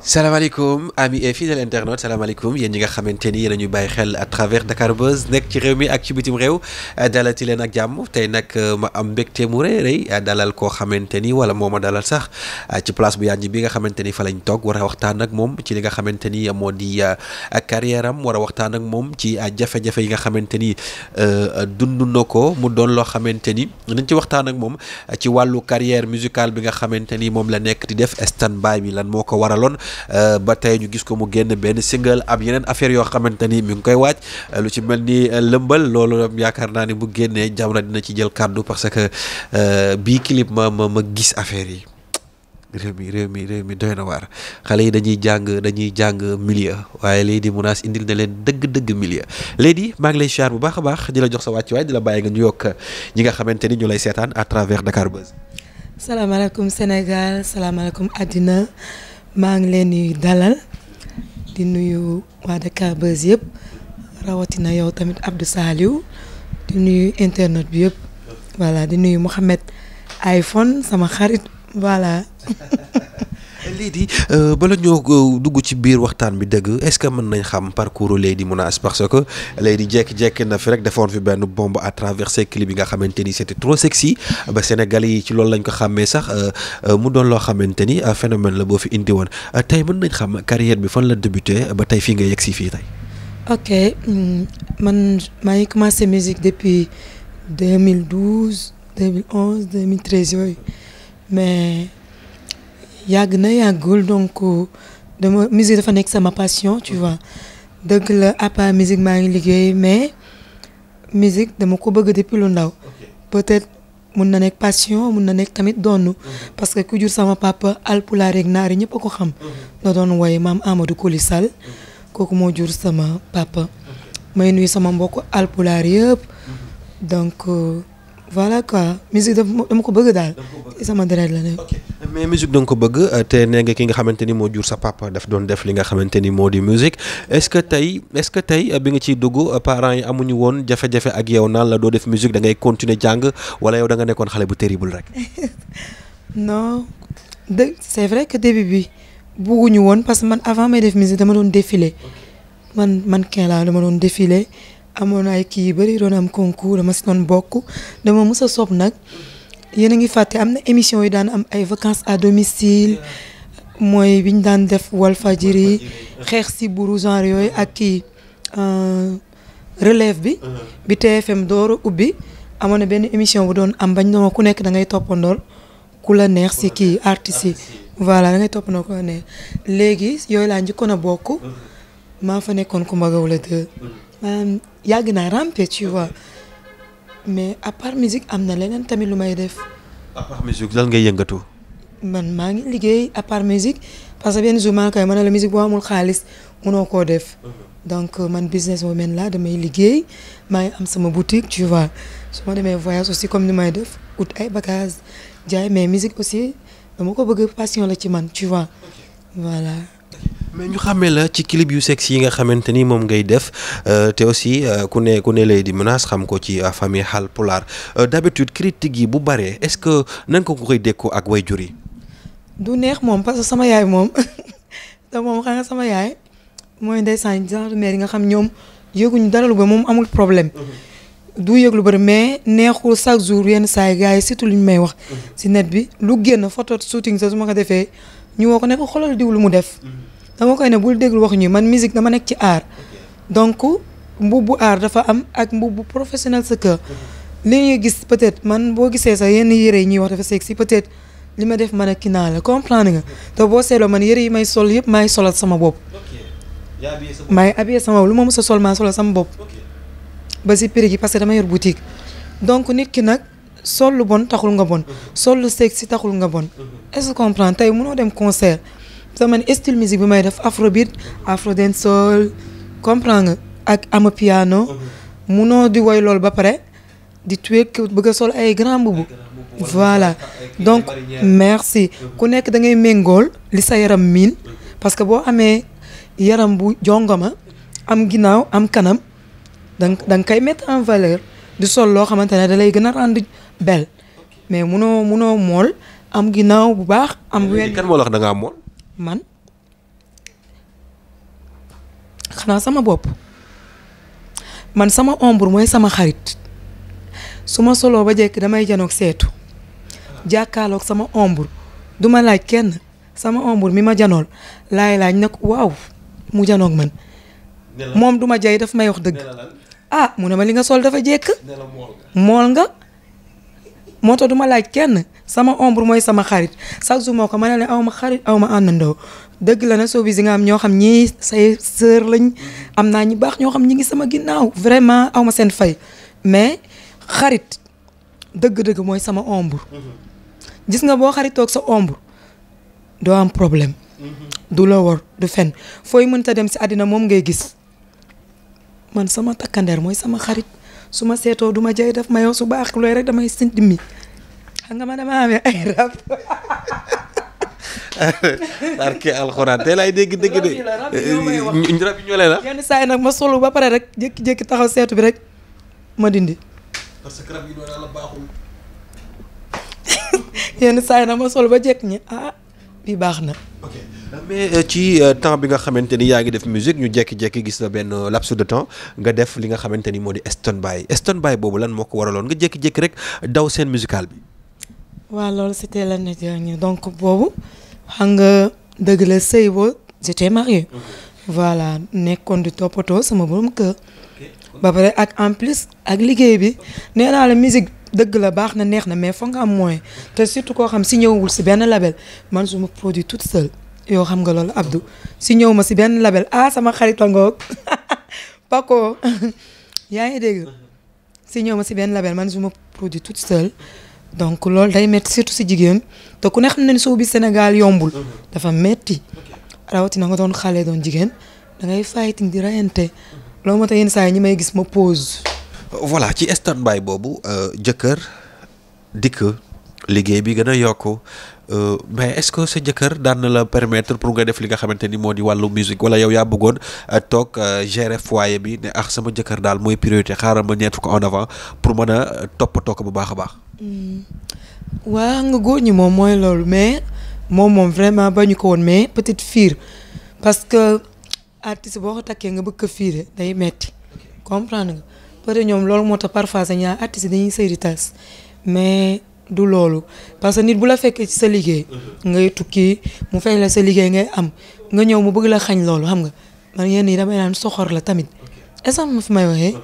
salaamaaleykum amis et fidèles salaamaaleykum yéen ñi nga xamante ni yéen ñu bàyyi xel à travers Dakar Buzz nekk ci réew mi ak ci bitim réew ti leen ak jàmm tey nag euh, ma am mbégte mu rëy rey euh, dalal koo xamante ni wala moo ma dalal sax euh, ci place bu yànj bi nga xamante ni fa lañ toog war waxtaan ak moom ci li nga xamante ni moo di carrière am war waxtaan ak moom ci jafe-jafe yi nga xamante ni dund na ko mu doon loo xamante ni nañ ci waxtaan ak moom ci wàllu carrière musicale bi nga xamante ni moom la nekk di def stand by bi lan moo ko waraloon. Euh, ba ñu gis ko mu génn benn single am yeneen affaire yoo xamante ni mi ngi koy waaj euh, lu ci mel ni euh, lëmbal loolu yaakaar naa ni bu génnee Jamra dina ci jël kàddu parce que bii clip ma ma ma gis affaire yi réew mi réew mi réew mi doy na waar xale yi dañuy jàng dañuy jàng milieu waaye Lady Mounass indil na leen dëgg-dëgg milieu Lady maa ngi lay bu baax a baax di la jox sa wàccuwaay di la bàyyi nga ñu yokk ñi nga xamante ni ñu lay seetaan à travers Dakar Buzz. maa ngi leen di dalal di nuyu waa Dakar Buzz yëpp rawatina yow tamit Abdou Saliou di nuyu internet bi yëpp voilà di nuyu Mouhamed iPhone sama xarit voilà. Lady euh, bala ñoo dugg ci biir waxtaan bi dëgg est-ce que mën nañ xam parcours Lady Mounass parce que Lady jékki-jékki na fi rek defoon fi benn bombe à traverser clip bi nga xamante ni c'était trop sexy ba Sénégal yi ci loolu lañ ko xàmmee sax euh, mu doon loo xamante ni euh, phénomène la boo fi indi woon tey mën nañ xam carrière bi fan la débuté ba tey fii nga yegg si fii tey. ok hmm, man maa ngi commencé musique depuis yooyu mais. yàgg na yàggul donc dama musique dafa nekk sama passion tu vois dëgg la à part musique maa ngi liggéey mais musique dama ko bëgg di lu ndaw peut-être mun na nekk passion mun na nekk tamit doonu mhm. parce que ku jur sama papa alpulaar naar ñëpp a ko xam da mhm. doon woy Koli Sall mhm. kooku moo jur sama papa may nuyu sama mbokk alpulaar yëpp donc euh, voilà quoi musique dama ko bëgg daal sama deret la nekk mais musique da ko bëgg te nee nga ki nga xamante ni moo jur sa papa daf doon def li nga xamante ni moo di musique est-ce que tey est-ce que tey bi nga ciy dugg parents yi amuñu woon jafe-jafe ak yow naan la doo def musique da ngay continuer jàng wala yow da nga nekkoon xale bu terrible rek. non dëgg c'est vrai que début bi bugguñu woon parce que man avant may def musique dama doon défilé man man kenn laa dama doon défilé amoon ay kii yi bëri doon am concours dama si doon bokk dama mës a nag. yéen a ngi fàtte am na émission yu daan am ay vacance à domicile mooy bi daan def Walfadjri xeex si buru genre yooyu ak kii euh, relève bi. Uh-huh. bi TFM door a ubbi amoon na benn émission bu doon am bañ na ku nekk da ngay toppandool ku la neex si kii artistes yi voilà dangay ngay toppandool ku la neex léegi yooyu laa njëkkoon a bokk uh-huh. maa fa nekkoon ku mbagaw la te yàgg naa rampe tu vois. Uh-huh. mais à part am na leneen tamit lu may def. à part musique lan ngay yëngatu. man maa ngi liggéey à part musique parce que benn jour maa koy ma ne la musique boo amul xaalis munoo koo def. Mhm. donc euh, man business woman laa damay liggéey maa ngi am sama boutique tu vois su ma demee voyage aussi comme ni may def ut ay bagages jaay mais musique aussi dama ko bëgg passion la ci man tu vois voilà. mais ñu xàmmee la ci clip yu sexe yi nga xamante ni moom ngay def euh, te aussi euh, ku ne ku ne lay di menace xam ko ci euh, famille Haalpulaar d'habitude critique yi bu baree est-ce que nan ko koy dékkoo ak way jur yi du neex moom parce que sama yaay moom te moom xam nga sama yaay mooy ndeysaan genre mère yi nga xam ñoom yëguñu dara lu ba moom amul problème. Mm-hmm. du yëg lu bëri mais neexul chaque jour yenn saa yi gars yi surtout lu ñu may wax. si mm-hmm. net bi lu génn photo shooting ma defee. ñu woo ko ne ko xoolal diw lu mu def. dama koy ne bul déglu wax ñu man musique dama nekk ci aar donc mbubbu aar dafa am ak bu professionnel sa kër. li ñuy gis peut-être man boo gisee sax yenn yére yi ñuy wax dafa sexy peut-être li ma def man ak kii naa la nga. te boo seetloo man yére yi may sol yëpp maay solal sama bopp. maay habillé sama bopp lu ma mës a sol maa solal sama bopp. ba si prix yi parce que dama yor boutique. donc nit ki nag. sol lu bon taxul nga bon sol lu sexy taxul nga bon mm-hmm. est-ce que comprendre tey mënoo dem concert sama style musique bi may def afrobeat afro dance soul comprendre nga ak ama piano mënoo mm-hmm. di woy lool ba pare di tuer bëgg a sol ay grand mbubu voilà donc merci mm-hmm. ku nekk da ngay méngool li sa yaram miin parce que boo amee yaram bu jongoma am ginnaaw am kanam danga da nga koy mettre en valeur di sol loo xamante ne dalay gën a rendre bel mais munoo munoo mool am ginnaaw bu baax. am wér kan moo la wax da ngaa man xanaa sama bopp man sama ombre mooy sama xarit su ma soloo ba jekk damay janoog seetu jàkkaarloog sama ombre duma laaj kenn sama ombre mi ma janool laay laaj nag waaw mu janoog man. moom duma jay daf may wax dëgg. ah mu ne ma li nga sol dafa jekk. mool nga. moo tax du laaj kenn sama ombre mooy sama xarit chaque jour moo ko ma ne la aw ma xarit aw ma àndandoo dëgg la na soo bi nga am ñoo xam ñii say sœur lañ am naa ñu baax ñoo xam ñi ngi sama ginnaaw vraiment aw ma seen fay mais xarit dëgg-dëgg mooy sama ombre. gis nga boo xaritoog sa ombre doo am problème. du la war du fen fooy mënta dem si àddina moom ngay gis man sama takkandeer mooy sama xarit. su ma seetoo du ma jay def ma yow su baax looy rek damay sint mi xam nga ma dama amee ay rab. barke alxuraan tey laay dégg dégg de. rab yi ñoo lay la. yenn saa yi nag ma solu ba pare rek jékki-jékki taxaw seetu bi rek ma dindi. parce que rab yi doon la baaxul. yenn saa yi nag ma solu ba jékki ñi ah bii baax na. mais euh, ci euh, temps bi nga xamante ni yaa ngi def musique ñu jekki-jekki gis la benn euh, laps de temps nga def li nga xamante ni moo di Stone By Stone By boobu lan moo ko waraloon nga jekki-jekki rek daw scène musicale bi. waaw loolu c'était l'année dernière donc boobu xam nga dëgg la sëy boo j'étais mariée voilà nekkoon di toppatoo sama borom kër. ba pare ak en plus ak liggéey bi nee naa la musique dëgg la baax na neex na mais foog nga am mooy te surtout koo xam si ñëwul si benn label man suma ma produit toute yoo xam nga loolu Abdou si ñëw ma si benn label ah sama xarit la ngoog Paco yaa ngi dégg si ñëw ma si benn label man su ma produit toute seule donc loolu day métti surtout si jigéen te ku ne xam na ne bi Sénégal yombul mhm. dafa métti rawatina nga doon xale doon jigéen da fighting di rayante mhm. loolu moo tax yenn saa yi ñi may gis ma pause. voilà ci stand by boobu euh, jëkkër dikk. liggéey bi gën a yokk euh, mais est-ce que sa jëkkër daan na la permettre pour nga def li nga xamante ni moo di wàllu musique wala yow yaa bëggoon euh, toog euh, gérer foyer bi ne ah sama jëkkër daal mooy priorité xaaral ma ñeetu ko en avant pour mën a toppatoo ko bu baax a baax. waa hmm. nga góor ñi moom mooy loolu mais moom moom vraiment ba ñu ko woon mais peut-être fiir parce que artiste boo ko takkee nga bëgg ko fiire day metti comprendre nga peut-être ñoom loolu moo tax parfois sa ñaar artiste du loolu parce que nit bu la fekkee ci sa liggéey. Mhm. ngay tukki mu fay la sa liggéey ngay am nga ñëw mu bëgg la xañ loolu xam nga man yenn yi damay naan soxor la tamit est ce ma fi may waxee.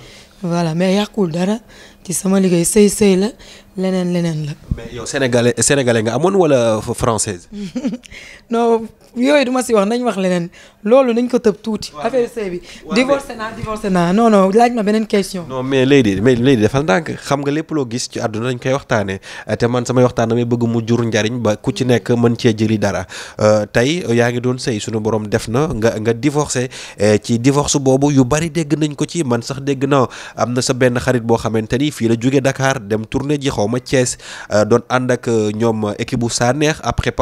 voilà mais yàqul dara ci sama liggéey sëy sëy la leneen leneen la. mais yow sénégalais sénégalais nga amoon wala française. non yooyu duma si wax nañ wax leneen loolu nañ ko tëb tuuti. affaire sëy bi divorcé naa divorcé naa non laaj ma beneen question. non mais Lady mais Lady defal ndànk xam nga lépp loo gis ci àdduna dañ koy waxtaanee te man samay waxtaan damay bëgg mu jur njariñ ba ku ci nekk mën cee jëli dara euh, tey yaa ngi doon sëy suñu borom def na nga nga divorcé euh, ci divorce boobu yu bari dégg nañ ko ci man sax dégg na am na sa benn xarit boo xamante ni fii la jóge Dakar dem tournée ji xaw ma Thiès euh, doon ànd ak ñoom équipe bu Saneex après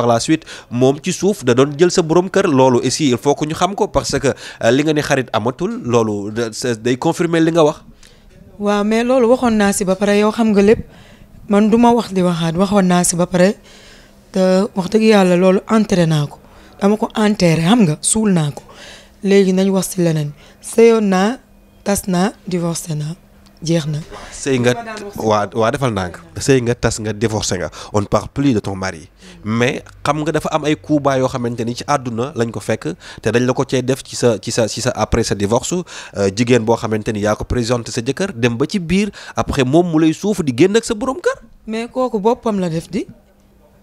moom ci suuf jël sa borom kër loolu aussi il faut que ñu xam ko parce que euh, li nga ne xarit amatul loolu day confirmer li nga wax. waaw mais loolu waxoon naa si ba pare yow xam nga lépp man du ma wax di waxaat waxoon naa si ba pare te wax dëgg yàlla loolu enterré naa ko dama ko enterré xam nga suul naa ko léegi nañ wax si leneen sëyoon naa tas naa divorcé naa. jeex na. sëy nga waa waa defal ndànk sëy nga tas nga divorcé nga on parle plus de ton mari mais xam nga dafa am ay coups yoo xamante ni ci àdduna lañ ko fekk te dañ la ko cay def ci sa ci sa ci sa après sa divorce euh, jigéen boo xamante ni yaa ko présenté sa jëkkër dem ba ci biir après moom mu lay suufu di génn ak sa borom kër. mais kooku boppam la def di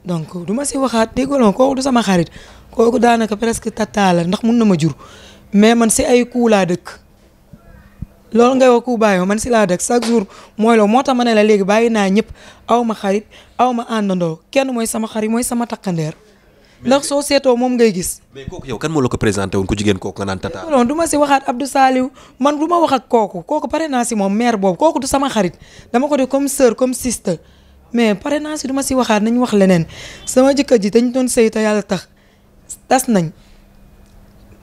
donc du ma si waxaat déggoo kooku du sama xarit kooku daanaka presque tata la ndax mun na ma jur mais man si ay coups laa dëkk. loolu ngay wax ku bàyyi man si laa dëkk chaque jour mooy loolu moo tax ma ne la léegi bàyyi naa ñëpp aw ma xarit aw ma àndandoo kenn mooy sama xarit mooy sama takkandeer. ndax soo seetoo moom ngay gis. mais kooku yow kan moo la ko présenté woon ku jigéen kooku nga naan tata. non du ma si waxaat Abdou Saliou man du ma wax ak kooku kooku pare naa si moom mère boobu kooku du xarit dama ko def comme sœur comme sister mais pare naa si du si waxaat nañ wax leneen sama jëkkër ji dañ doon sëy yàlla tax tas nañ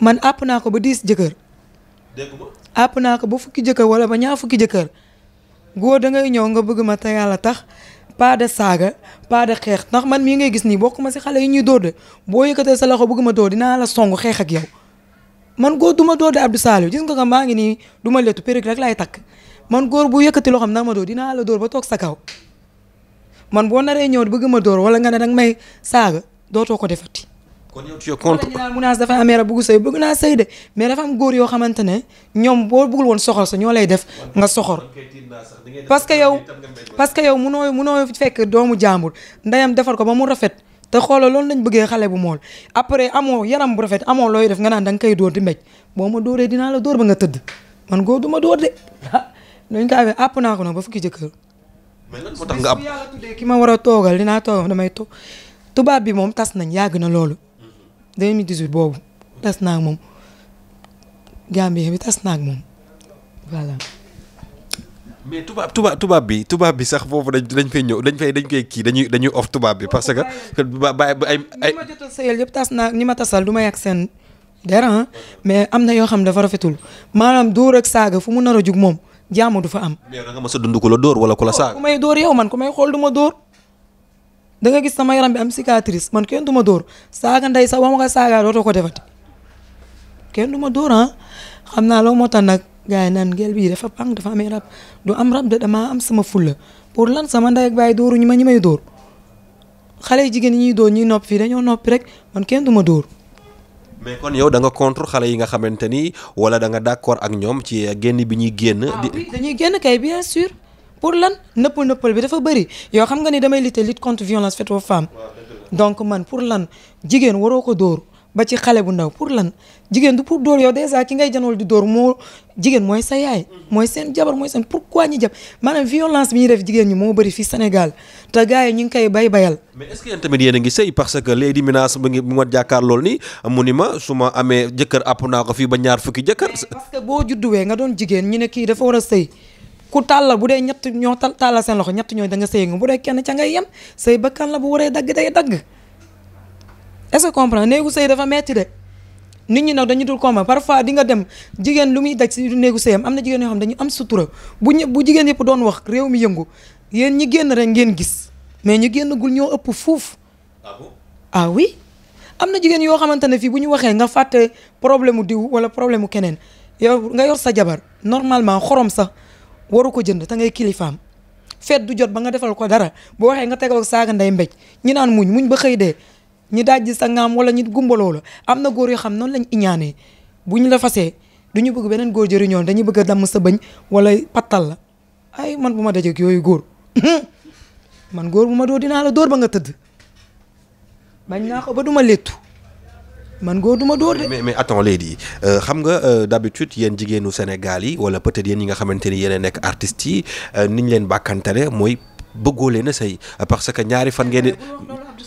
man àpp naa ko ba diis jëkkër. dégg àpp naa ko ba fukki jëkkër wala ba ñaar fukki jëkkër góor da ngay ñëw nga bëgg ma te yàlla tax paada de saaga pas xeex ndax man mii ngay gis nii bokk ma si xale yi ñuy dóor de boo yëkkatee sa loxo bëgg ma dinaa la song xeex ak yow man góor du ma dóor de Abdou Saliou nga ko maa ngi nii du ma lettu perruque rek laay takk man góor bu yëkkati loxoom ndax ma dóor dinaa la dóor ba toog sa kaw man boo naree ñëw bëgg ma dóor wala nga ne danga may saaga dootoo ko defati kon yow tu es contre ñu naan munaas amee rab bëgg sëy naa sëy de mais dafa am góor yoo xamante ne ñoom boo bëggul woon soxor sa ñoo lay def nga soxor parce que yow parce que yow munoo munoo fekk doomu jàmbur ndeyam defar ko ba mu rafet te xoolal loolu lañ bëggee xale bu mool après amoo yaram bu rafet amoo looy def nga naan da nga koy dóor di mbéj boo ma dooree dinaa la dóor ba nga tëdd man góor du ma dóor de dañ ah, ko amee àpp naa ko nag ba fukki jëkkër mais lan moo tax nga am ki ma war a toogal dinaa toogal damay toog tubaab bi moom tas nañ yàgg na loolu mi 2018 boobu tas naa moom Gambien bi tas naa ak moom voilà. mais tubaab tubaab bi tubaab bi sax foofu dañ dañ fay ñëw dañ fay dañ koy kii dañuy dañuy off tubaab bi parce que. ba ba ay ay. ñi ay jot a sëyal yëpp tas naa ñi ma tasal du ma yàgg seen dara ah. mais am na yoo xam dafa rafetul maanaam dóor ak saaga fu mu nar a jug moom jaamu du fa am. mais da nga mës a dund ko la dóor wala ku la saaga. ku may dóor yow man ku may xool du ma dóor. da nga gis sama yaram bi am cicatrice man kenn du ma dóor saaka ndey sax ba ma ko saagaa dootoo ko defati kenn du ma dóor ah xam naa loolu moo tax nag gars yi naan gel bii dafa pang dafa amee rab du am rab de damaa am sama fulla pour lan sama ndey baay dóoru ñu ma ñi may dóor xale yi jigéen ñi ñuy dóor ñuy nopp fii dañoo noppi rek man kenn du ma dóor. mais kon yow da nga contre xale yi nga xamante ni wala da nga d'accord ak ñoom ci génn bi ñuy génn. Ah dañuy génn kay bien sûr. pour lan nëppal nëppal bi dafa bëri yoo xam nga ni damay lutter lutte contre violence faite aux femmes donc man pour lan jigéen waroo ko dóor ba ci xale bu ndaw pour lan jigéen du pour dóor yow déjà ki ngay janool di dóor moo jigéen mooy sa yaay mhm. mooy seen jabar mooy seen pourquoi ñi jàpp maanaam bi ñuy def jigéen ñi moo bëri fii Sénégal te gars yi ñu ngi koy bay bayal mais est tamit yéen a ngi sëy parce que léegi menace ba ngi bu ma jàkkaar lool mu ni ma su ma amee jëkkër àpp naa ko fii ba ñaar fukki jëkkër boo judduwee nga doon jigéen ñu ne kii dafa war a sëy ku tàllal bu dee ñett ñoo tàllal seen loxo ñett ñooy da nga sëy nga bu dee kenn ca ngay yem sëy bakkan la bu waree dagg day dagg est-ce que comprendre néegu sëy dafa metti de nit ñi nag dañu dul comprendre parfois di nga dem jigéen lu muy daj si néegu sëyam am na jigéen yoo xam dañu am sutura bu ñu bu jigéen yëpp doon wax réew mi yëngu yéen ñi génn rek ngeen gis mais ñu génn gul ëpp fuuf ah, ah oui am na jigéen yoo xamante ne fii bu ñu waxee nga fàtte problème mu diw wala problème mu keneen yow nga yor sa jabar normalement xorom sax waru ko jënd ta ngay kili kilifaam feet du jot ba nga defal ko dara boo waxee nga tegal saaga nday mbéj ñi naan muñ muñ ba xëy dee ñi dajji sa ngaam wala ñi gumbaloo la am na góor yoo xam noonu lañ iñaanee bu ñu la fasee du ñu bëgg beneen góor jëriñoon dañuy bëgg a damm sa bëñ wala pattal la ay man bu ma dajeeg yooyu góor man góor bu ma doo dinaa la dóor ba nga tëdd bañ naa ko ba duma léttu man góor du ma dóor de. mais mais attends Lady euh, xam nga euh, d'habitude yéen jigéenu Sénégal yi wala peut-être yéen ñi nga xamante ni yéen nekk artistes yi euh, ni ñu leen bàkkantale mooy bëggoo leen a sëy parce que ñaari fan ngeen di.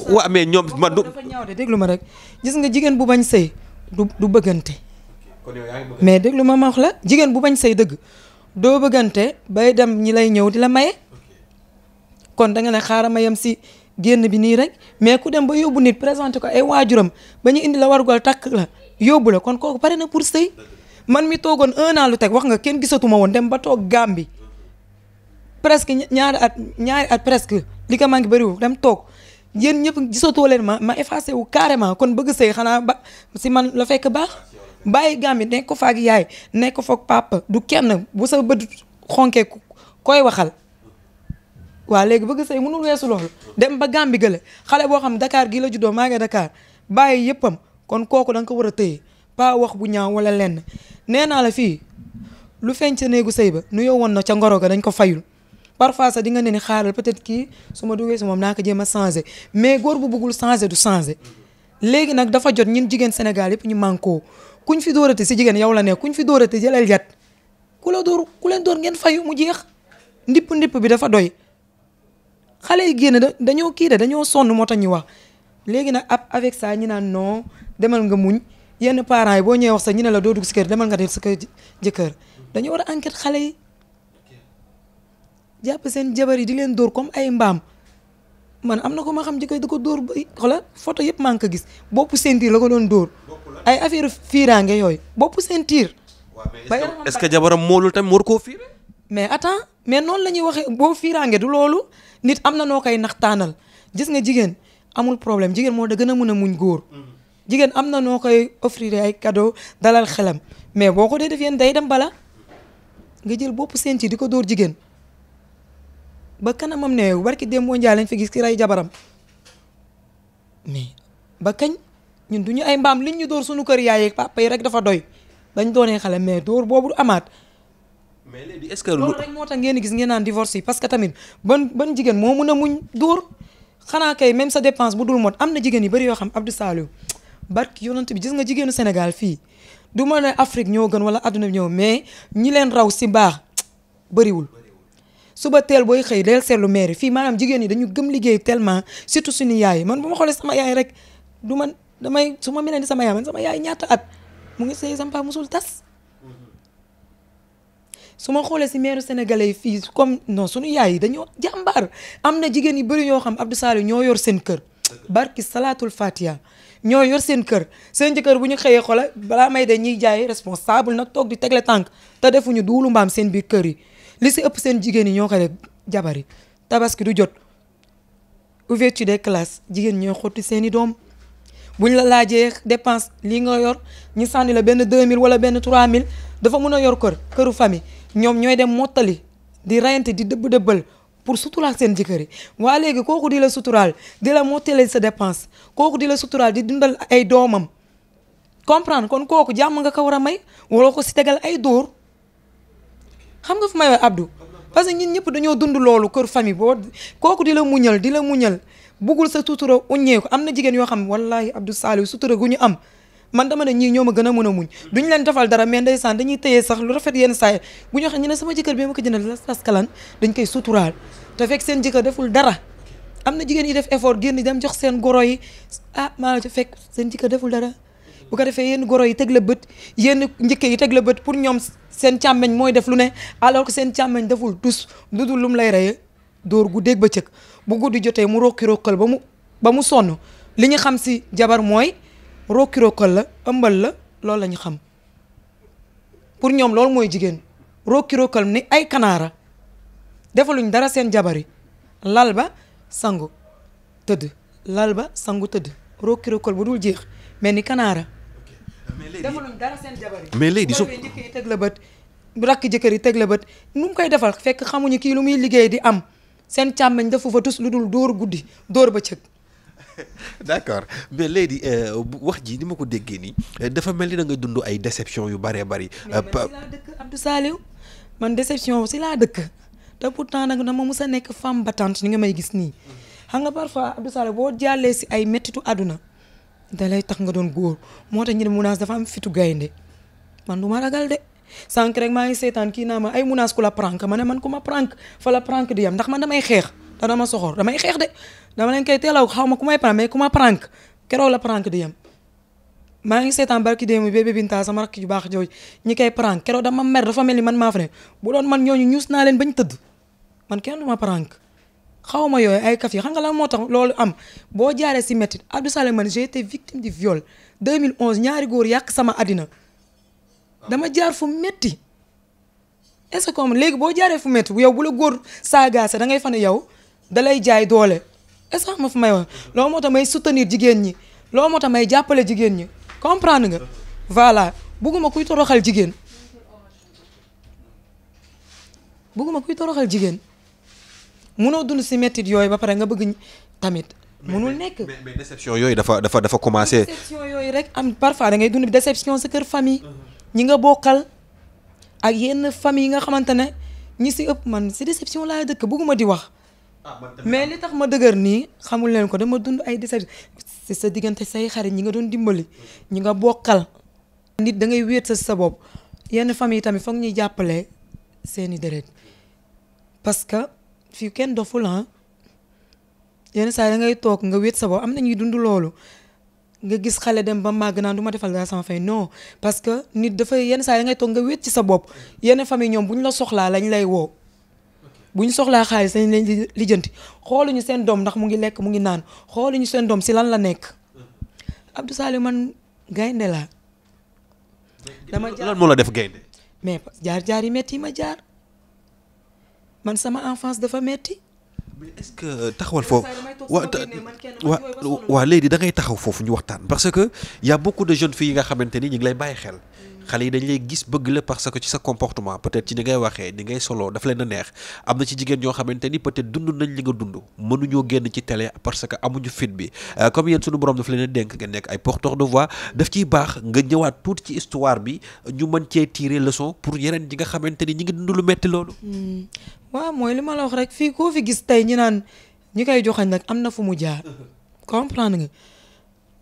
waaw mais ñoom man du. dafa ñaaw déglu ma rek gis nga jigéen bu bañ sëy du du bëggante. mais déglu ma ma wax la jigéen bu bañ sëy dëgg doo bëggante bay dem ñi lay ñëw di la maye. kon da ne xaaral ma yem si génn bi nii rek mais ku dem ba yóbbu nit présenté ko ay waajuram ba ñu indi la wargal takk la yóbbu la kon kooku pare na pour sëy man mi toogoon un lu teg wax nga kenn gisatuma woon dem ba toog Gàmbi presque ñaari at ñaari at presque li ko maa ngi bëriwul dem toog yéen ñëpp gisatoo leen ma ma effacé wu carrément kon bëgg sëy xanaa ba si man la fekk baax bàyyi Gàmbi nekk ko fa ak yaay nekk foog fa papa du kenn bu sa bët xonkee koy waxal waa léegi bëgg sëy mënul weesu loolu dem ba Gàmbi gële xale boo xam dakaar gii la juddoo maa ngi dakaar bàyyi yëppam kon kooku da ko war a tëye paa wax bu ñaaw wala lenn nee naa la fii lu feeñ ca néegu sëy ba nu yow woon na ca ngoro ga dañ ko fayul parfois sax di nga ne ni xaaral peut-être kii su ma duggee si moom naa ko jéem a changé mais góor bu bëggul changé du changé léegi nag dafa jot ñun jigéen Sénégal yëpp ñu mànkoo kuñ fi dóorati si jigéen yow la ne kuñ fi dóorati jëlal yat ku la dóor ku leen dóor ngeen fayu mu jeex ndipp ndipp bi dafa doy xale yi génn da dañoo kii de dañoo sonn moo tax ñu wax léegi nag ab avec ça ñu naan non demal nga muñ yenn parent yi boo ñëwee wax sa ñu ne la doo dugg si kër demal nga def sa kër jëkkër dañoo war a enquête xale yi jàpp seen jabar yi di leen dóor comme ay mbaam man am na ko ma xam jëkkër da ko dóor ba xoolal photo yëpp maa ngi ko gis boppu sentir la ko doon dóor ay affaire fiiraange yooyu boppu sentir. waaw mais est-ce que jabaram moolul tam war ko fiire mais attends mais noonu la ñuy waxee boo fiiraange du loolu. nit am na noo koy naxtaanal gis nga jigéen amul problème jigéen moo da gën a mun a muñ góor mm-hmm. jigéen am na noo koy offrir ay cadeau dalal xelam mais boo ko dee def yéen day dem bala nga jël bopp seen ci di ko dóor jigéen ba kanamam ne barki démboo njaay lañ fi gis ki rey jabaram ba kañ ñun du ñu ay mbaam liñ ñu dóor suñu kër yaay ak papa yi rek dafa doy dañ doonee xale mais dóor boobu amaat mais léegi est-ce que. loolu rek moo tax ngeen gis ngeen naan divorce yi parce tamit ban ban jigéen moo mun a muñ dóor xanaa kay même sa dépense bu dul mot am na jigéen yu bëri yoo xam Abdou Saliou barke yonent bi gis nga jigéenu Sénégal fii du ma ne Afrique ñoo gën wala àdduna bi ñëw mais ñi leen raw si baax bëriwul. suba teel booy xëy del seetlu mairie fii maanaam jigéen ñi dañu gëm liggéey tellement surtout suñu yaay man bu ma xoolee sama yaay rek du man damay su ma meleen di sama yaay man sama yaay at mu ngi sëy sama paa musul su ma xoolee si meeru sénégalais yi fii comme non suñu yaay yi dañoo jàmbaar am na jigéen yu bëri ñoo xam Abdou Sall ñoo yor seen kër barki salaatul fatiha ñoo yor seen kër seen jëkkër bu ñu xëyee xoola balaa may de ñuy jaay responsable nag toog di tegle tànk te defuñu duulu mbaam seen biir kër yi li si ëpp seen jigéen yi ñoo ko jabar yi tabaski du jot ouverture de classes jigéen ñooy xotti seen i doom buñ la laajee depense lii nga yor ñu sànni la benn 2000 wala benn 3000 dafa mun a yor kër këru famille ñoom ñooy dem mottali di rayante di dëbb dëbbal pour suturaal seen jëkkër yi waa léegi kooku di la suturaal di la mottali sa dépense kooku di la suturaal di dundal ay doomam comprendre kon kooku jàmm nga ko war a may waroo ko si tegal ay door xam nga fu may wax Abdou que ñun ñëpp dañoo dund loolu kër famille boo kooku di la muñal di la muñal buggul sa sutura uññeeku am na jigéen yoo xam wallaahi Abdou Saliou sutura gu ñu am man dama ne ñii ñoo a gën a mën a muñ duñ leen defal dara mais ndeysaan dañuy tëye sax lu rafet yenn saay bu ñu waxee ñu ne sama jëkkër bi ma ko jëndal la laskalan dañ koy suturaal te fekk seen jëkkër deful dara am na jigéen yi def effort génn dem jox seen goro yi ah maa la ci fekk seen jëkkër deful dara bu ko defee yenn goro yi teg bët yenn njëkke yi teg bët pour ñoom seen càmmeñ mooy def lu ne seen càmmeñ deful tus lu dul lum lay reye dóor gu dégg ba cëg bu guddi jotee mu roqi roqal ba mu ba mu sonn li ñu xam si jabar mooy rokkirokal la ëmbal la loolu la ñu xam pour ñoom loolu mooy jigéen rokkirokal ni ay kanaara defaluñ dara seen jabari lal ba sangu tëdd laal ba sangu tëdd rokkirokal bu dul jeex mel ni kanaara defaluñ dara seen jabari mais léegi soo njëkkee yi teg la bët rakk jëkkër yi teg la bët nu mu koy defal fekk xamuñu kii lu muy liggéey di am seen càmmeñ dafa fa tus lu dul dóor guddi dóor ba cëg d' accord mais léegi euh, wax jii ni ma ko déggee nii dafa mel ni da nga dund ay déception yu bëree bëri. pa si laa dëkk Abdou man déception si laa dëkk te pourtant nag dama mës a nekk femme battante ni nga may gis nii. xam nga parfois Abdou Saliou boo jàllee si ay méttitu àdduna da lay tax nga doon góor moo tax ñu ne munaas dafa am fitu gaynde man du ma ragal de. sànq rek maa ngi seetaan kii naa ma ay munaas ku la prank ma ne man ku ma prank fa la prank di yam ndax man damay xeex. dana ma soxor damay xeex de dama leen koy teelaw xaw ma ku may prank mais ku ma prank keroog la prank di yem maa ngi seetaan barki démb bébé Binta sama rakk ju baax jooju ñi koy prank keroog dama mer dafa mel ni man maa fa ne bu doon man ñooñu ñuus naa leen ñu tëdd man kenn du ma prank xaw ma yooyu ay kaf yi xam nga lan moo tax loolu am boo jaaree si métti Abdou Saleh man j'ai été victime du viol 2011 ñaari góor yàq sama àddina dama jaar fu métti est-ce léegi boo jaaree fu métti yow bu la góor saagaase da ngay fa yow. dalay jaay doole est ma que fu may wax loolu moo tax may soutenir jigéen ñi loolu moo may jàppale jigéen ñi comprendre nga voilà bugguma kuy toroxal jigéen bugguma kuy toroxal jigéen munoo dund si mettit yooyu ba pare nga bëgg tamit munul nekk mais déception yooyu dafa dafa dafa commencé déception yooyu rek am parfois da ngay dund déception sa kër famille ñi nga bokkal ak yenn famille yi nga xamante ne ñi si ëpp man si déception laa dëkk bugguma di wax Ah, mais li tax ma dëgër nii xamul leen ko dama dund ay déception si sa diggante say xarit ñi nga doon dimbali ñi nga bokkal nit da ngay wéet sa sa bopp yenn famille tamit foog ñuy jàppale seeni deret parce que fii kenn doful ah yenn saa yi da toog nga wéet sa bopp am na ñuy dund loolu nga gis xale dem ba màgg naan du ma defal dara sama fay non parce que nit dafay yenn saa yi ngay toog nga wéet ci sa bopp yenn famille ñoom bu ñu la soxlaa lañ lay woo bu ñu soxlaa xaalis dañ leen di xoolu ñu seen doom ndax mu ngi lekk mu ngi naan xooluñu seen doom si lan la nekk Abdou Salim man gaynde laa dama jaar lan moo def gaynde mais jaar jaar yi metti yi ma jaar man sama enfance dafa metti mais est que euh, taxawal foofu wa waa waa léegi da ngay taxaw foofu ñu waxtaan parce que y a beaucoup de jeunes filles yi nga xamante ni ñu ngi lay bàyyi xel xale yi dañu lay gis bëgg la parce que ci sa comportement peut-être ci ni ngay waxee ni ngay soloo dafa leen a neex am na ci jigéen ñoo xamante ni peut-être dund nañ li nga dund mënuñoo génn ci télé parce que amuñu fit bi euh, comme yéen sunu borom dafa leen a dénk nga nekk ay porteur de voix daf ciy baax nga ñëwaat tuuti ci histoire bi ñu mën cee tirer leçon pour yeneen yi nga xamante ni ñi ngi dund lu metti loolu. Hmm. waaw mooy li ma la wax rek fii koo fi gis tey ñi naan ñi koy joxañ nag am na fu mu jaar comprendre nga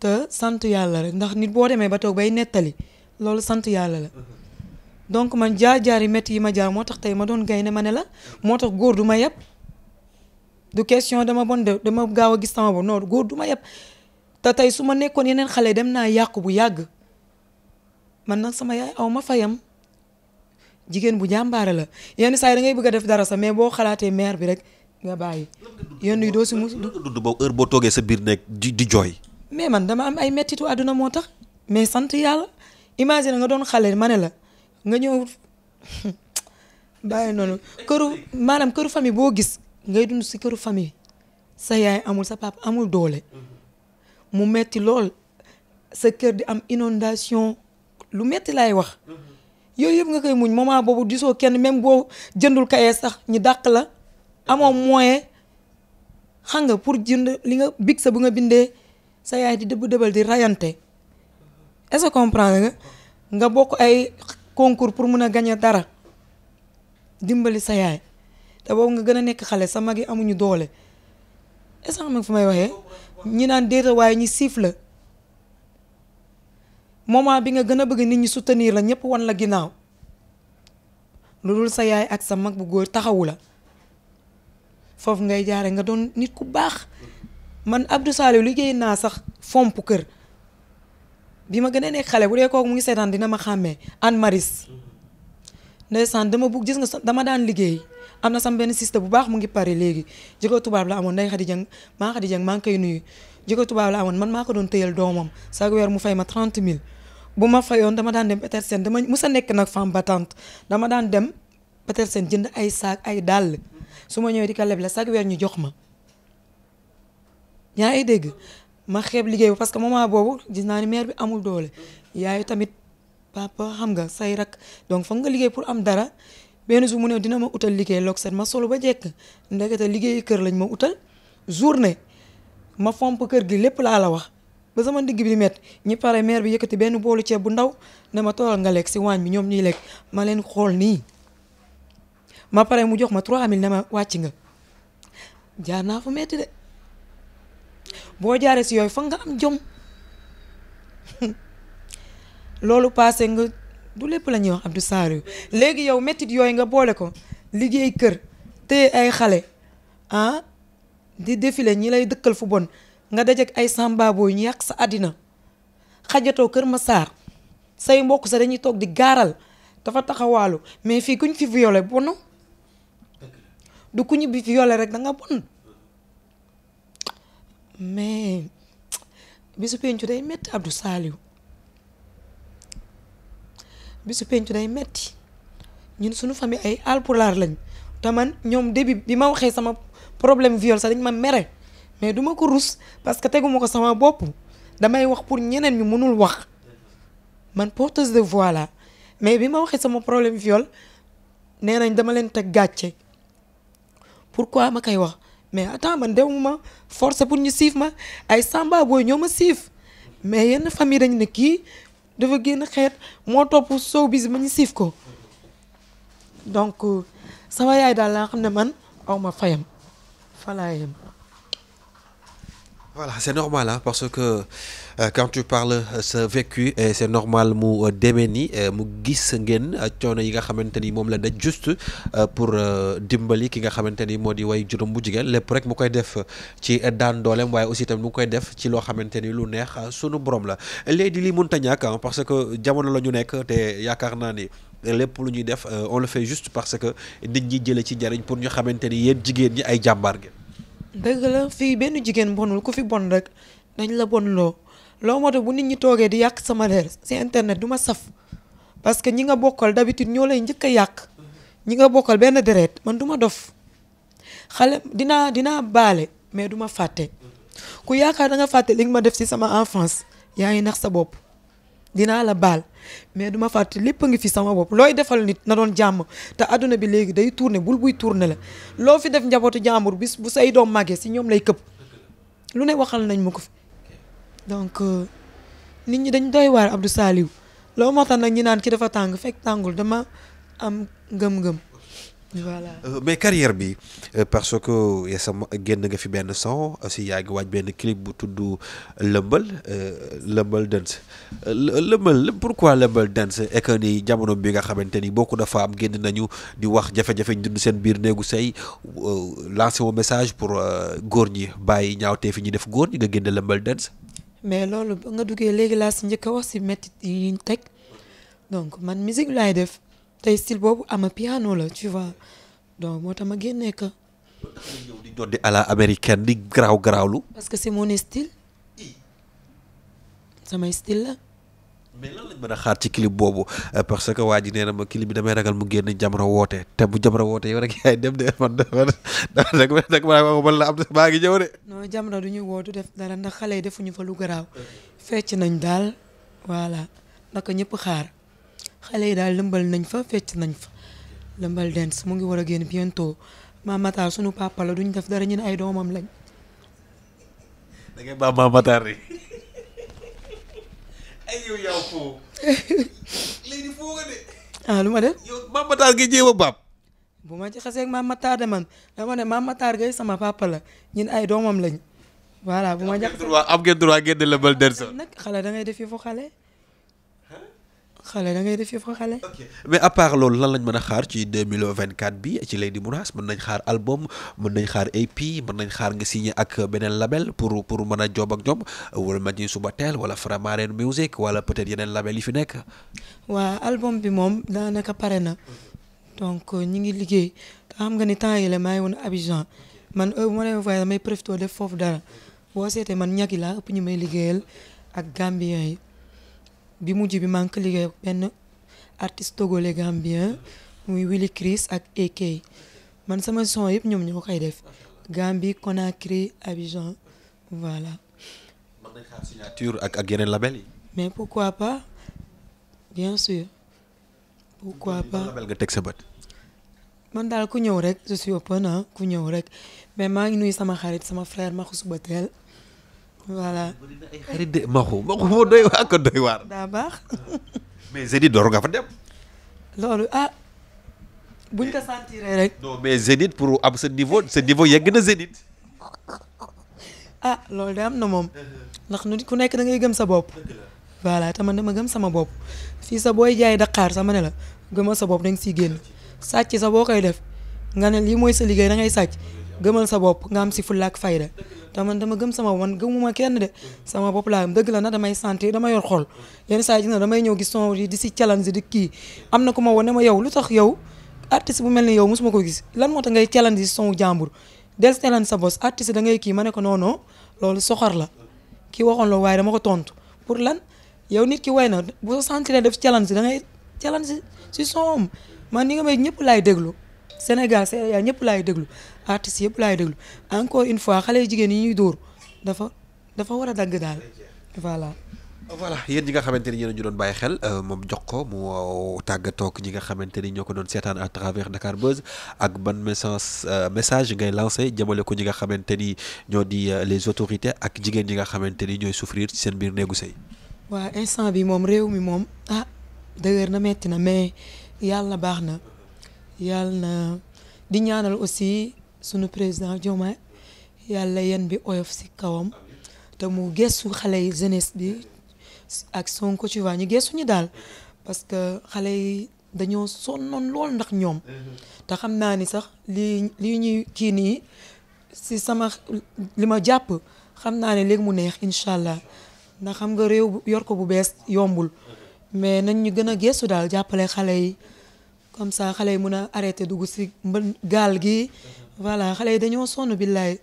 te sant yàlla rek ndax nit boo demee ba toog bay nettali. loolu sant yàlla la donc man jaar-jaar yi métti yi ma jaar moo tax tey ma doon gaynde ma ne la moo tax góor du ma yeb du question dama bon de dama gaaw a gis sama bon góor du ma yeb te tey su ma nekkoon yeneen xale dem naa yàqu bu yàgg man na sama yaay aw ma fayam jigéen bu jàmbaare la yenn saa yi da ngay bëgg def dara sax mais boo xalaatee mère bi rek nga bàyyi yenn yi doo si mus dudd boobu heure boo toogee sa biir nekk di di jooy mais man dama am ay méttitu àdduna moo tax mais sant yàlla imagine nga doon xale ma ne la nga ñëw bàyyi noonu këru maanaam këru famille boo gis ngay dund si këru famille sa yaay amul sa papa amul doole mu metti lool sa kër di am inondation lu metti laay wax yooyu yëpp nga koy muñ moment boobu disoo kenn même boo jëndul kaye sax ñu dàq la amoo moyen xam nga pour jënd li nga big sa bu nga bindee sa yaay di dëbb dëbal di rayante est-ce comprendre nga nga bokk ay concours pour mun a gagner dara dimbali sa yaay te boobu nga gën a nekk xale sa mag yi amuñu doole est-ce que nga fu may waxee ñi naan déeta waaye ñi siif la moment bi nga gën a bëgg nit ñi soutenir la ñëpp wan la ginnaaw lu dul sa yaay ak sa mag bu góor taxawu la foofu ngay jaare nga doon nit ku baax man Abdou Saliou liggéey naa sax fomp kër bi ma gënee nekk xale bu dee kooku mu ngi seetaan dina ma xàmmee Anne Maris ndeysaan dama bugg gis nga dama daan liggéey am na sam benn siste bu baax mu ngi pare léegi jëkkër tubaab la amoon nday Khady Dieng maa Khady Dieng maa ngi koy nuyu jëkkër tubaab la amoon man maa ko doon tëyal doomam chaque weer mu fay ma 30 000 bu ma fayoon dama daan dem Petersen dama mus sa nekk nag femme battante dama daan dem Petersen jënd ay saak ay dàll su ma ñëwee di ko leble weer ñu jox ma ngi dégg ma xeeb liggéey bi parce que moment boobu gis naa ni mère bi amul doole yaayu tamit papa xam nga say rak donc foog nga liggéey pour am dara benn jour mu ne dina ma utal liggéey loog set ma solo ba jekk ndekete liggéeyi kër lañ ma utal journée ma fomp kër gi lépp laa la wax ba sama ndigg bi di ñi pare mère bi yëkkati benn boolu ceeb bu ndaw ne ma toogal nga lekk si waañ bi ñoom ñuy lekk ma leen xool nii ma pare mu jox ma 3000 ne ma wàcc nga boo jaaree si yooyu fa nga am jom loolu paase nga du lépp la ñuy wax Abdou Saliou léegi yow méttit yooyu nga boole ko liggéey kër te ay xale ah di défilé ñi lay dëkkal fu bon nga dajek ay sambabo yu ñu yàq sa àddina xajatoo kër ma saar say mbokk sa dañuy toog di gaaral dafa taxawaalu mais fii kuñ fi violé bon du ku ñu bi violé rek danga nga mais bisu pencu day metti Abdou Saliou bisu pencu day metti ñun suñu famille ay alpulaar lañ te man ñoom début bi ma waxee sama problème viol sax dañ ma mere mais duma ko rus parce que teguma ko sama bopp damay wax pour ñeneen ñu mënul wax man porteuse de voix mais bi ma waxee sama problème viol nee nañ dama leen teg gàcce pour quoi ma koy wax mais attends man ma forcé pour ñu siif ma ay samba booy ñoo ma siif mais yenn famille dañu ne kii dafa génn xeet moo topp sow bis ma ñu siif ko donc euh, sama yaay daal laa xam ne man aw ma fayam fa voilà c'est normal ah parce que euh, quand tu parles sa euh, vécu et euh, c'est normal mu euh, demee ni mu gis ngeen coono yi nga xamante ni moom la daj juste pour dimbali ki nga xamante ni moo di way juróom bu jigéen lépp rek mu koy def ci daan dooleem waaye aussi tamit mu koy def ci loo xamante ni lu neex sunu borom la léegi li mënta ñàkk parce que jamono la ñu nekk te yaakaar naa ni. lépp lu ñuy def on le fait juste parce que nit ñi jëlee ci jariñ pour ñu xamante ni yéen jigéen ñi ay jàmbaar ngeen dëgg la fii benn jigéen bonul ku fi bon rek dañ la bon loo loo moo tax bu nit ñi toogee di yàq sama der si internet du ma saf parce que ñi nga bokkal d'habitude ñoo lay njëkk a yàq ñi nga bokkal benn deret man duma ma dof xale dinaa dinaa baale mais duma fàtte ku yaakaar da fàtte li nga ma def si sama enfance yaa ngi nax sa bopp dinaa la baal mais duma fàtte lépp a ngi fi sama bopp looy defal nit na doon jàmm te adduna bi léegi day tourner bul buy tourner la loo fi def njabootu jàmbur bis bu say doom màggee si ñoom lay këpp lu ne waxal nañ ma ko fi donc euh, nit ñi dañ doy waar Abdou Saliou loo moo nag ñi naan ki dafa tàng fekk tàngul dama am ngëm-ngëm voilà euh, mais carrière bi euh, parce que ya sama génn nga fi benn son aussi yaa ngi waaj benn clip bu tudd lëmbal euh, lëmbal dance lëmbal pourquoi lëmbal dance et que jamono bi nga xamante ni beaucoup dafa am génn nañu di wax jafe-jafe ñu dund seen biir néegu sey lancer un message pour góor ñi bàyyi ñaawtee fi ñu def góor ñi nga génn lëmbal dance mais loolu nga duggee léegi laa si njëkk a wax si métti yi ñu teg donc man musique laay def tey style boobu ama piano la tu vois donc moo tax ma génnee ko. ñëw di ñoddi à la américaine di garaaw garaawlu. parce que c'est mon style. samay style la. mais lan a xaar ci clip boobu parce que waa ji nee na ma clip bi damay ragal mu génn Jamra woote te bu Jamra woote yow rek yaay dem de man dama nag man la am maa ngi ñëw du def dara ndax xale defuñu fa lu garaaw fecc nañ daal voilà naka ñëpp xaar. xale yi daal lëmbal nañ fa fecc nañ fa lëmbal dance mu ngi war a génn bientôt Mame Matar sunu papa la duñ def dara ñu ne ay doomam lañ. da ngay ah, lu ma def. yow Mame Matar gi jéem a bu ma ci xasee ak Mame Matar de man dama ne Mame Matar gay sama papa la ñun ay doomam lañ. voilà bu ma jaxasee am ngeen droit am ngeen droit ngeen di lëmbal dance. nag xale da ngay def fii fu xale. xale da ngay def yëfu xale. mais à loolu lan lañ mën a xaar ci deux mille vingt quatre bi ci Lady Mounass mën nañ xaar album mën nañ xaar EP mën nañ xaar nga signé ak beneen label pour pour mën a job ak ñoom wala ma suba teel wala Faramareen music wala peut-être yeneen label yi fi nekk. waa album bi moom daanaka pare na donc euh, ñu ngi liggéey te xam nga ni temps yi la maa ngi woon Abidjan man heure bu ma demee damay profité def foofu dara boo seetee man ñàkk laa ëpp ñu may liggéeyal ak Gambien yi. bi mujj bi maa ngi ko liggéey benn artiste togolais gambien muy Willy Chris ak AK man sama son yëpp ñoom ñoo koy def Gambie Conakry Abidjan voilà. mën ak ak yeneen label yi. mais pourquoi pas bien sûr. pourquoi pas sa bët. man daal ku ñëw rek je suis ah, ku ñëw rek mais maa ngi nuyu sama xarit sama frère Maxou Subatel. voilà bëri na ay xarit de maxu maxu moo doy waar ko doy waar. daa baax. mais Zénith door nga fa dem. loolu ah. buñ ko sentiree rek. non mais Zénith pour ab sa niveau sa niveau yegg na Zénith. ah lool de am na moom. Uh-huh. ndax nu ku nekk da ngay gëm sa bopp. voilà te man ma gëm sama bopp. fii sa booy jaay Dakar sama ne la gëmal sa bopp da nga siy génn sàcc sa boo koy def nga ne lii mooy sa liggéey da ngay sàcc gëmal sa bopp nga am si fulla ak fayda. te dama gëm sama man gëmuma kenn de sama bopp laa gëm la na damay sante dama yor xol yenn saa yi na damay ñëw gis son yi di si challenge di kii am na ku ma wane ma yow lu tax yow artiste bu mel ni yow mosuma ko gis lan moo tax ngay challenge si jàmbur del challenge sa boss artiste da ngay kii ma ne ko non non la kii waxoon loolu waaye dama ko tontu pour lan yow nit ki way na bu sentir def challenge da ngay challenge si son man ni nga may ñëpp laay déglu Sénégal Sénégal ñëpp laay déglu artistes yëpp laay déglu encore une fois xale jigéen yi ñuy dóor dafa dafa war a dagg daal voilà. voilà yéen ñi nga xamante ni yéen ñu doon bàyyi xel euh, moom jox ko mu euh, tàggatoo ak ñi nga xamante ni ñoo ko doon seetaan à travers Dakar Buzz ak ban message euh, message ngay lancé jëmale ko ñi nga xamante ni ñoo di les autorités ak jigéen ñi nga xamante ni ñooy souffrir ci seen biir néegu sëy waaw instant bi moom réew mi moom ah dëgër na metti na mais yàlla baax na yàlla na di ñaanal aussi sunu président Diomaye yàlla yen bi oyof si kawam te mu gëstu xale yi jeunesse bi ak Sonko tu vois ñi gëstu ñu daal parce que xale yi dañoo sonnoon lool ndax ñoom te xam naa ni sax lii lii ñuy kii nii si sama li ma jàpp xam naa ne léegi mu neex incha allah ndax xam nga réew yor ko bu bees yombul mais nañ ñu gën a gëstu daal jàppale xale yi comme ça xale yi mën a arrêté dugg si mbën gaal gi voilà xale yi dañoo sonn billaay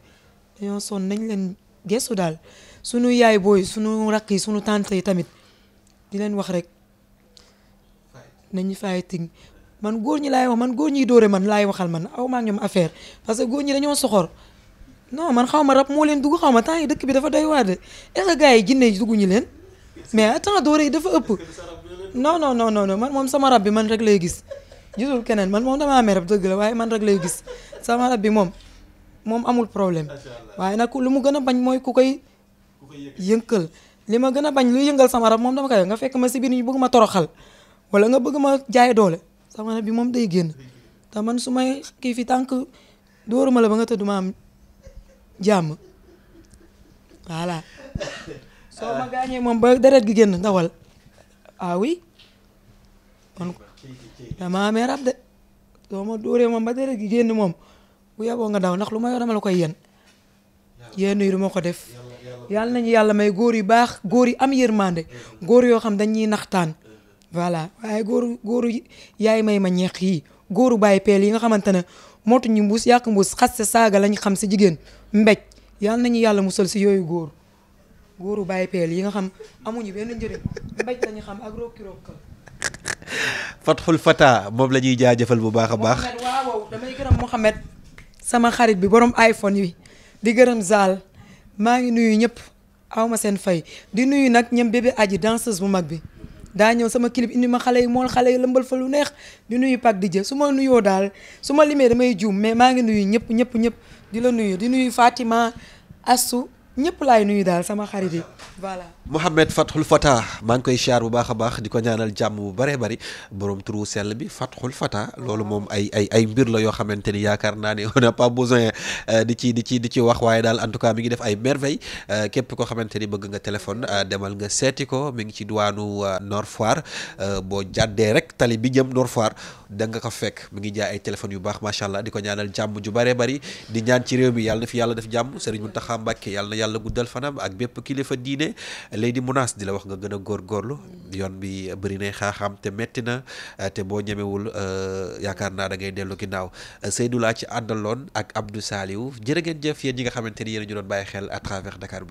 dañoo sonn nañ leen gestu daal suñu yaay booy sunu rakk yi suñu tante yi tamit di leen wax rek nañ nañu fighting man góor ñi laay wax man góor ñi dóore man laay waxal man aw maa ñoom affaire parce que góor ñi dañoo soxor non man xaw ma rab moo leen dugg xaw ma temps yi dëkk bi dafa doy waar de est ce yi jinne yi dugg ñu leen mais attends dóore yi dafa ëpp non non non non man moom sama rab bi man rek lay gis gisul keneen man moom damaa mer dëgg la waaye man rek lay gis sama bi moom moom amul problème waaye nag lu mu gën a bañ mooy ku koy yënkal li ma gën a bañ lu yëngal samara rab moom dama koy nga fekk ma si biir ñu bëgg ma toroxal wala nga bëgg ma jaay doole sama bi moom day génn man su may kii fi tànk dóoruma la ba nga tëdd ma am jàmm voilà soo ma gaañee moom ba deret gi génn ndawal ah dama amee rab de soo ma dóoree moom ba dere gi génn moom bu yeboo nga daw ndax lu ma yor dama la koy yen yenn yi du ma ko def yàlla nañu yàlla may góor yu baax góor yi am yërmande góor yoo xam dañuy naxtaan voilà waaye góoru góoru yaay may ma ñeex yi góoru bàyyi peel yi nga xamante ne mootu ñu mbuus yàq mbuus xas saaga lañ xam si jigéen mbéj yàlla nañu yàlla musal si yooyu góor góoru bàyyi yi nga xam amuñu benn njëriñ mbéj lañu xam ak rokki rokkal Fatxul Fata moom la ñuy jaajëfal bu baax a baax. waaw sama xarit bi borom iPhone wi di gërëm Zal maa ngi nuyu ñëpp aw ma seen fay di nuyu nag ñoom bébé aji danseuse bu mag bi daa ñëw sama clip indi ma xale yi mool xale yi lëmbal fa lu neex di nuyu Pape Didier su ma nuyoo daal su ma limee damay juum mais maa ngi nuyu ñëpp ñëpp ñëpp di la nuyu di nuyu Fatima Assou ñëpp laay nuyu daal sama xarit yi voilà. Mouhamed Fathoul Fata maa ngi koy siyaar bu baax a baax di ko ñaanal jàmm bu bëree bëri borom turu sell bi Fathoul Fata loolu moom ay ay ay mbir la yoo xamante ni yaakaar naa ne on n'a euh, di ci di ci di ci wax waaye daal en tout cas mi ngi def ay merveille euh, képp koo xamante ni bëgg nga téléphone euh, demal nga seeti ko mi ngi ci diwaanu Nord Foire boo jàddee rek tali bi jëm Nord Foire da nga ko fekk mi ngi jaay ay téléphones yu baax macha allah di ko ñaanal jàmm ju bëree bëri di ñaan ci réew mi yàlla na fi yàlla def jàmm Serigne Mountakha Mbacké yàlla na yàlla guddal fanam ak bépp kilifa diine Lady Mounass di la wax nga gën góor góorgóorlu yoon bi bëri na xaaxaam te metti na te boo ñemewul euh, yaakaar naa da ngay dellu ginnaaw Seydou laa ci àndaloon ak Abdou Saliou jërë ngeen jëf yéen ñi nga xamante ni yéen ñu doon bàyyi xel à travers Dakar